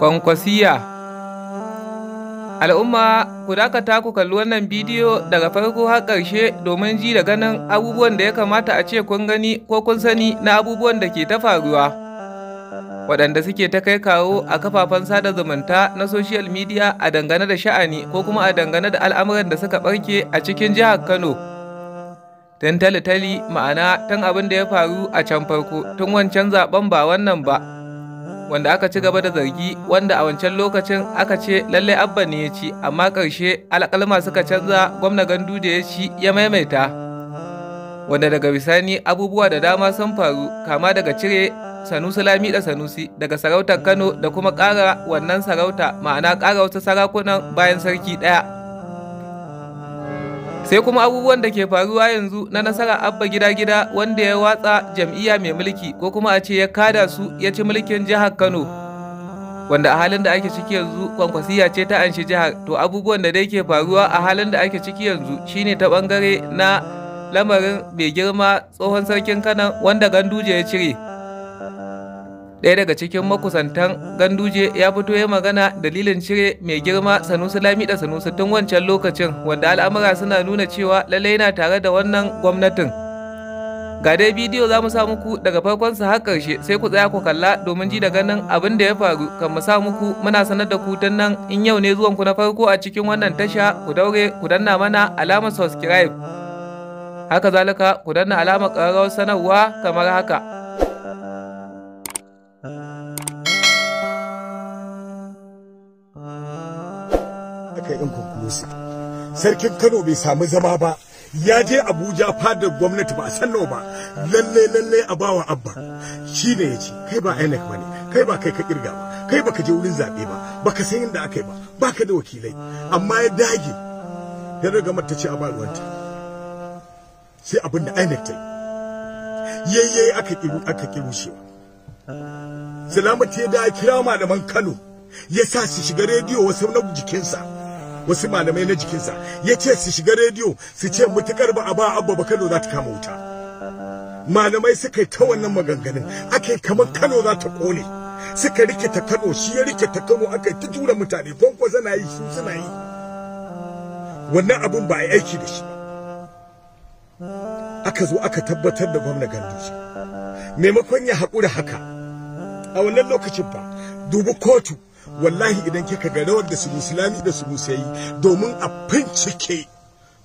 Kwankwasiya Al'umma ku dakata ku kalli wannan bidiyo daga farko har ƙarshe domin ji da ganin abubuwan da ya kamata a ce kun gani ko kun sani na abubuwan da ke ta faruwa. Waɗanda suke ta kai kawo a kafafen sada zumunta na social media a dangane da sha'ani ko kuma a dangane da al'amuran da suka ɓarke a cikin jihar Kano. tun tali ma'ana tun abin da ya faru a can farko tun wancan zaɓen ba wannan ba wanda aka ci gaba da zargi wanda a wancan lokacin aka ce lallai abba ne ya ci amma ƙarshe alƙalma suka canza gwamna gandu da ya ci ya maimaita wanda daga bisani abubuwa da dama sun faru kama daga cire sanusi lami da sanusi daga sarautar kano da kuma ƙara wannan sarauta ma'ana ƙara wasu sarakunan bayan sarki ɗaya sai kuma abubuwan da ke faruwa yanzu na nasara abba gida gida wanda ya watsa jam'iyya mai mulki ko kuma a ce ya kada su ya ci mulkin jihar kano wanda a halin da ake ciki yanzu kwankwasiya ce ta anshi jihar to abubuwan da dai ke faruwa a halin da ake ciki yanzu shine ta bangare na lamarin mai girma tsohon sarkin kanan wanda ganduje ya cire ɗaya daga cikin makusantan ganduje ya fito ya magana dalilin cire mai girma sanusi lami da sanusi tun wancan lokacin wanda al'amura suna nuna cewa lallai yana tare da wannan gwamnatin ga dai bidiyo za mu sa muku daga farkon sa har ƙarshe sai ku tsaya ku kalla domin ji da ganin abin da ya faru kan mu sa muku muna sanar da ku tun nan in yau ne zuwan ku na farko a cikin wannan tasha ku daure ku danna mana alamar subscribe haka zalika ku danna alamar ƙararrawar sanarwa kamar haka kai inconclusive sarkin kano bai samu zama ba ya je abuja fadar gwamnati ba a san nawa ba lalle lalle a bawa abba shi ne ya ce kai ba inec ba ne kai ba kai ka kirga ba kai baka je wurin zaɓe ba baka san inda aka yi ba ba ka da wakilai amma ya dage ya riga mata ce a ba ruwanta sai abin da inec ta yi yayyayi aka kiru aka kiru shi salamatu ya da kira malaman kano ya sa su shiga rediyo wasu na jikinsa wasu malamai na jikinsa ya ce su shiga rediyo su ce mutukar ba a ba abba ba kano za ta kama wuta malamai suka yi ta wannan maganganun aka yi kamar kano za ta kone suka rike ta kano shi ya rike ta kano aka yi ta jura mutane kwankwa na yi su suna yi wannan abin ba a yi aiki da shi aka zo aka tabbatar da gwamna shi. maimakon ya haƙura haka a wannan lokacin ba dubi kotu wallahi idan kika ga rawar da su Musulmi da su musayi domin a bincike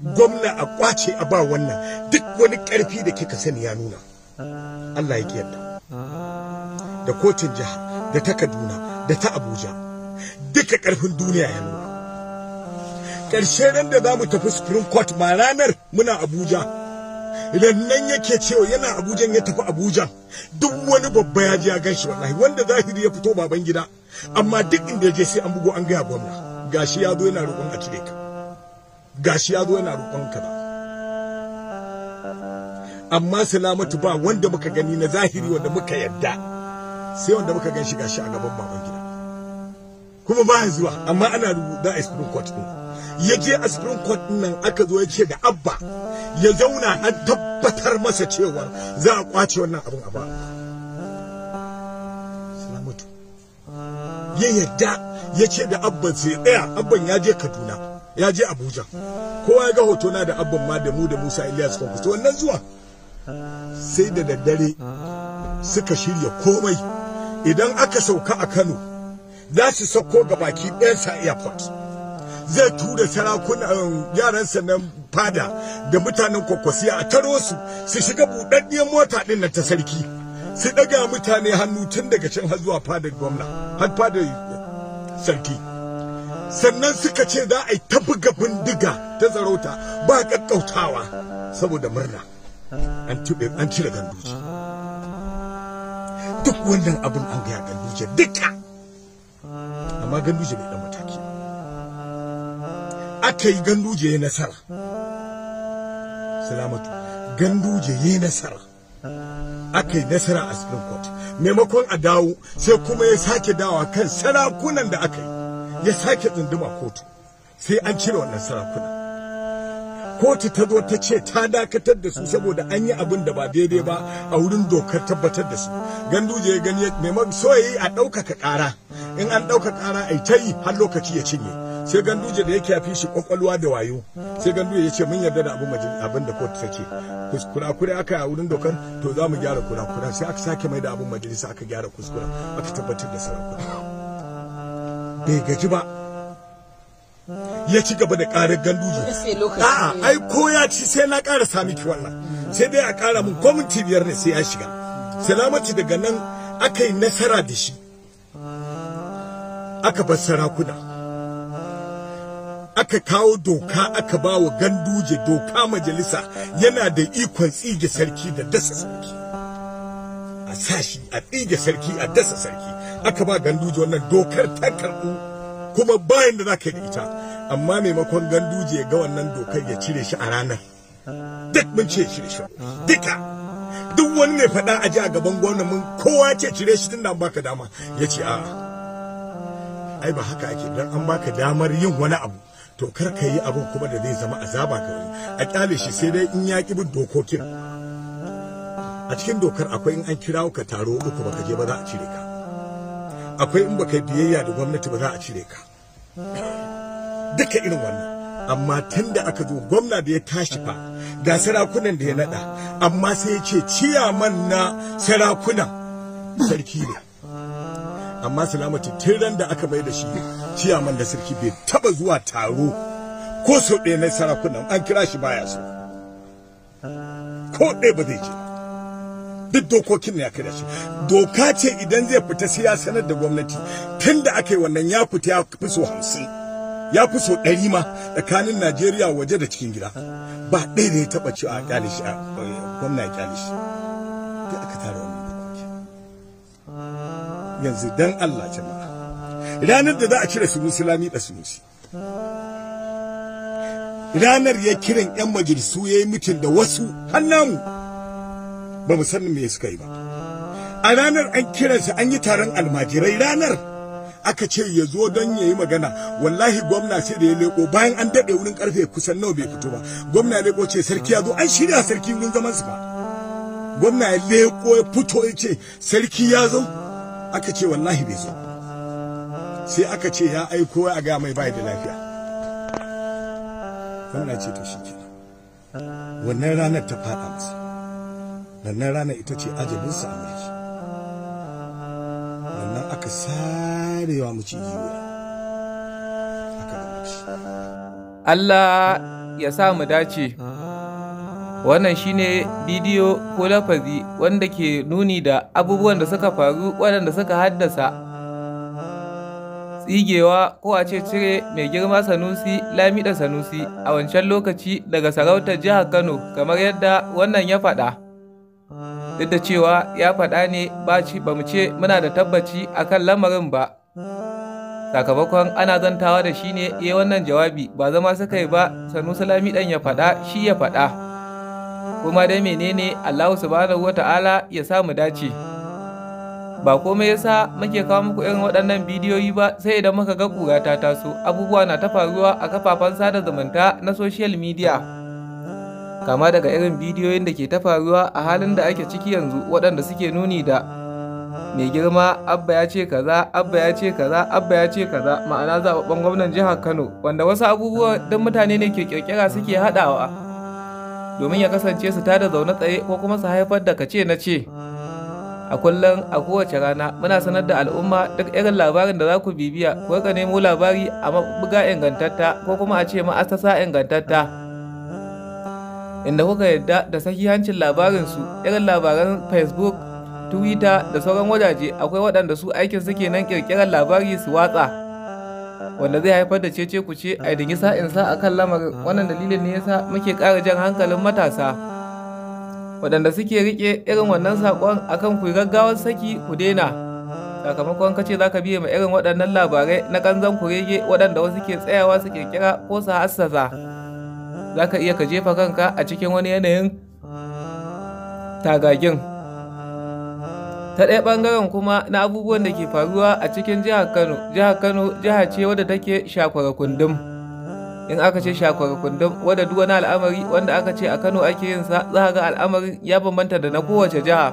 gwamna a kwace a ba wannan duk wani karfi da kika sani ya nuna Allah ya kiyarta da kotun jiha da ta Kaduna da ta Abuja duka karfin duniya ya nuna karshe ran da za mu tafi Supreme Court ma ranar muna Abuja idan nan yake cewa yana abujan ya tafi Abuja, duk wani babba ya ji ya gan shi wallahi wanda zahiri ya fito baban gida amma duk inda je sai an bugo an gaya gwamna gashi ya zo yana roƙon a cire ka gashi ya zo yana roƙon ka ba amma salamatu ba wanda muka gani na zahiri wanda muka yadda sai wanda muka gan shi gashi a gaban baban gida kuma ba ya zuwa amma ana rubuta a supreme court din ya je a supreme court nan aka zo ya ce da abba ya zauna an tabbatar masa cewa za a kwace wannan abin a ba ya yadda ya ce da abban sai daya abban ya je kaduna ya je abuja kowa ya ga hoto na da abban ma da mu da musa ilyas kwankwaso wannan zuwa sai da daddare suka shirya komai idan aka sauka a kano za su sauko ga baki ɗansa airport zai tura sarakunan um, yaransa na fada da mutanen kwakwasiya a taro su su shiga buɗaɗɗiyar mota ɗin na ta sarki su daga mutane hannu tun daga can har zuwa fadar gwamna har fadar sarki sannan suka ce za a yi ta buga bindiga ta zarauta ba kakkautawa saboda murna an tuɓe an cire ganduje duk wannan abin an gaya ganduje duka amma ganduje bai dan mataki aka yi ganduje ya nasara salamatu ganduje ya nasara aka yi nasara a supreme court maimakon a dawo sai kuma ya sake dawa kan sarakunan da aka yi ya sake tsunduma kotu sai an cire wannan sarakuna kotu ta zo ta ce ta dakatar da su saboda an yi abin da ba daidai ba a wurin dokar tabbatar da su ganduje ya gani maimakon so a ɗaukaka ƙara in an ɗaukaka ƙara a yi ta yi har lokaci ya cinye sai ganduje da yake fi shi kwakwalwa da wayo sai ganduje ya ce mun yarda da abin abin da kotu ta ce kure aka a wurin dokar to za mu gyara kuskura-kura sai aka sake mai da abin majalisa aka gyara kuskura aka tabbatar da sarakuna bai gaji ba ya ci gaba da karar ganduje a'a ai ko ya ci sai na kara sami ki wannan sai dai a kara mun gwamnati biyar ne sai ya shiga salamati daga nan aka yi nasara da shi aka bar sarakuna aka kawo doka aka ba wa ganduje doka majalisa yana da ikon tsige sarki da dasa sarki a sashi a tsige sarki a dasa sarki aka ba ganduje wannan dokar ta karɓu kuma bayan da za ka yi ita amma maimakon ganduje ya ga wannan dokar ya cire shi a ranar duk mun ce cire shi duka duk wani mai faɗa a ji a gaban gwamna mun kowa ce cire shi tunda an baka dama ya ce a'a ai ba haka ake dan an baka damar yin wani abu to kar ka yi abin kuma da zai zama azaba ga wani a kyale shi sai dai in ya ki bin dokokin a cikin dokar akwai in an kirawo ka taro uku baka je ba za a cire ka akwai in baka biyayya da gwamnati ba za a cire ka duka irin wannan amma tun da aka zo gwamna da ya tashi fa ga sarakunan da ya nada amma sai ya ce ciyaman na sarakunan sarki ne amma salamatu tiran ran da aka bai da shi ciyaman da sarki bai taba zuwa taro ko sau ɗaya na sarakunan an kira shi baya so ko ɗaya ba zai je duk dokokin ya kira shi doka ce idan zai fita sai ya sanar da gwamnati tun da aka yi wannan ya fita ya fi so hamsin ya fi so ɗari ma tsakanin najeriya waje da cikin gida ba ɗaya da ya taɓa cewa a shi a eh, gwamna ya shi yanzu dan Allah jama'a ranar da za a cire su musulmi da sunusi ranar ya kiran yan majalisu ya yi mutum da wasu hannamu ba mu sanin me suka yi ba a ranar an kiransa an yi taron almajirai ranar aka ce ya zo don ya yi magana wallahi gwamna sai da ya leko bayan an daɗe wurin karfe kusan nawa bai fito ba gwamna leko ce sarki ya zo an shirya sarki wurin zaman su ba gwamna ya leko ya fito ya ce sarki ya zo aka ce wallahi bai zo sai aka ce ya aiko a ga mai bai da lafiya wannan ce ta shi kenan wannan ranar ta fada masa wannan ranar ita ce ajabinsa a mulki wannan aka sarewa muci jiwa aka da Allah ya sa mu dace wannan shine bidiyo ko lafazi wanda ke nuni da abubuwan da suka faru waɗanda suka haddasa tsigewa ko a ce cire mai girma sanusi lamida sanusi a wancan lokaci daga sarautar jihar kano kamar yadda wannan ya faɗa duk da cewa ya faɗa ne ba mu ce muna da tabbaci a kan lamarin ba sakamakon ana zantawa da shi ne ya eh, wannan jawabi ba zama suka yi ba sanusi lamidan ya faɗa shi ya faɗa kuma dai menene Allah subhanahu Ta'ala ya sa mu dace ba komai yasa muke kawo muku irin waɗannan bidiyoyi ba sai idan muka ga kura ta taso abubuwa na ta faruwa a kafafen sada zumunta na social media kama daga irin bidiyoyin da ke ta faruwa a halin da ake ciki yanzu waɗanda suke nuni da mai girma abba ya ce kaza abba ya ce kaza abba ya ce kaza ma'ana zaɓaɓɓen gwamnan jihar kano wanda wasu abubuwa don mutane ne ke kirkira suke haɗawa domin ya kasance su tada zaune tsaye ko kuma su haifar da kace na ce a kullum a kowace rana muna sanar da al'umma duk irin labarin da za ku bibiya ko ka nemo labari a mabuga ingantatta ko kuma a ce ma'asasa ingantatta inda kuka yadda da sahihancin su irin labaran facebook twitter da sauran wajaje akwai waɗanda su aikin suke nan ƙirƙirar labari su watsa wanda zai haifar da cece ku ce a yi sa'insa a kan lamarin wannan dalilin ne yasa muke ƙara jan hankalin matasa waɗanda suke rike irin wannan saƙon akan ku gaggawar saki ku daina sakamakon ce za ka biye ma irin waɗannan labarai na ƙanzan kurege waɗanda wasu ke tsayawa su ƙirƙira ko su hassasa za ka iya ka jefa kanka a cikin wani yanayin tagagin. ta ɗaya ɓangaren kuma na abubuwan da ke faruwa a cikin jihar kano jihar kano jiha ce wadda take shakwara kundum in aka ce shakwara kundum wadda duk wani al'amari wanda aka ce a kano ake yin sa za ga al'amarin ya bambanta da na kowace jiha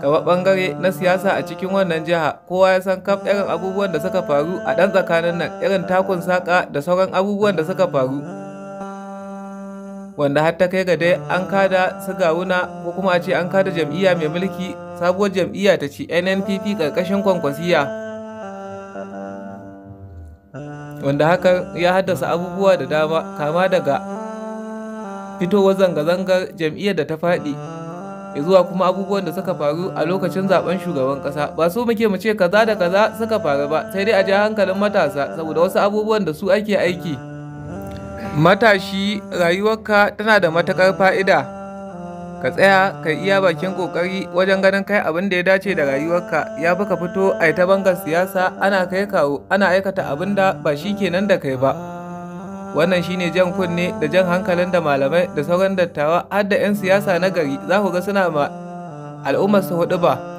kamar ɓangare na siyasa a cikin wannan jiha kowa ya san kaf irin abubuwan da suka faru a ɗan tsakanin nan irin takun saƙa da sauran abubuwan da suka faru wanda har ta kai ga dai an kada su gawuna ko kuma a ce an kada jam'iyya mai mulki sabuwar jam'iyya ta ci nnpp ƙarƙashin kwankwasiya wanda hakan ya haddasa abubuwa da dama kama daga fitowar zanga-zangar jam'iyyar da ta faɗi zuwa kuma abubuwan da suka faru a lokacin zaben shugaban kasa ba su muke mu ce kaza da kaza suka faru ba sai dai a ja hankalin matasa saboda wasu abubuwan da su ake aiki Matashi rayuwarka tana da matuƙar fa'ida, ka tsaya ka iya bakin ƙoƙari wajen ganin kai abin da ya dace da rayuwarka ya fi ka fito a ta bangar siyasa ana kai kawo ana aikata abin da ba shi kenan da kai ba. Wannan shine jan kunne da jan hankalin da malamai da sauran dattawa har da 'yan siyasa na gari za ku ga suna ma al'ummar su hudu ba.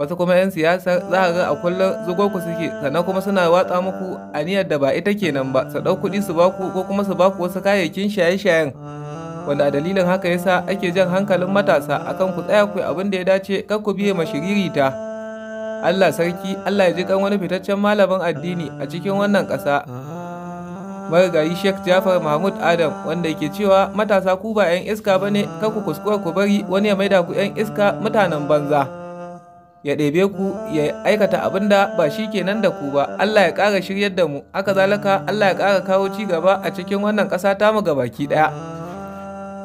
wasu kuma 'yan siyasa za a ga a kullum zugo ku suke sannan kuma suna watsa muku aniyar da ba ita kenan ba su ɗau kuɗi su baku ko kuma su baku wasu kayayyakin shaye-shayen wanda a dalilin haka yasa ake jan hankalin matasa akan ku tsaya ku abin da ya dace kar ku biye mashiririta Allah sarki Allah ya ji kan wani fitaccen malamin addini a cikin wannan ƙasa marigayi Sheikh Jafar Mahmud Adam wanda yake cewa matasa ku ba 'yan iska ne kar ku kuskura ku bari wani ya maida ku 'yan iska mutanen banza. ya ɗebe ku ya aikata abin da ba shi ke nan da ku ba Allah ya ƙara shiryar da mu aka zalaka Allah ya ƙara kawo ci gaba a cikin wannan ƙasa tamu baki ɗaya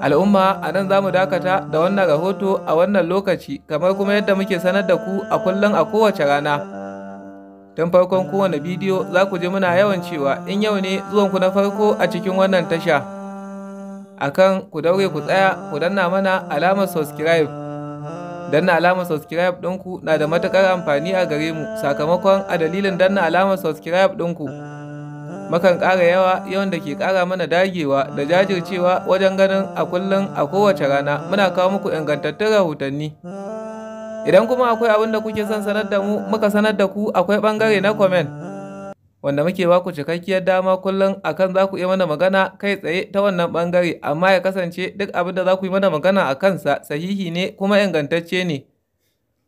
al'umma a nan za mu dakata da wannan rahoto a wannan lokaci kamar kuma yadda muke sanar da ku a kullum a kowace rana tun farkon kowane bidiyo za ku ji muna yawan cewa in yau ne zuwan ku na farko a cikin wannan tasha akan ku daure ku tsaya ku danna mana alamar subscribe danna alamar subscribe ɗinku na da matuƙar amfani a gare mu sakamakon a dalilin danna alamar subscribe ɗinku makan ƙara yawa yawan da ke ƙara mana dagewa da jajircewa wajen ganin a kullum a kowace rana muna kawo muku ingantattun rahotanni idan kuma akwai abin da kuke son sanar da mu muka sanar da ku akwai ɓangare na comment wanda muke ba ku cikakkiyar dama kullum a kan za ku iya mana magana kai tsaye ta wannan bangare amma ya kasance duk abin da za ku yi mana magana a kansa sahihi ne kuma ingantacce ne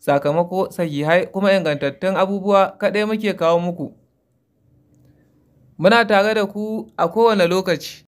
sakamako sahihai kuma ingantattun abubuwa kaɗai muke kawo muku muna tare da ku a kowane lokaci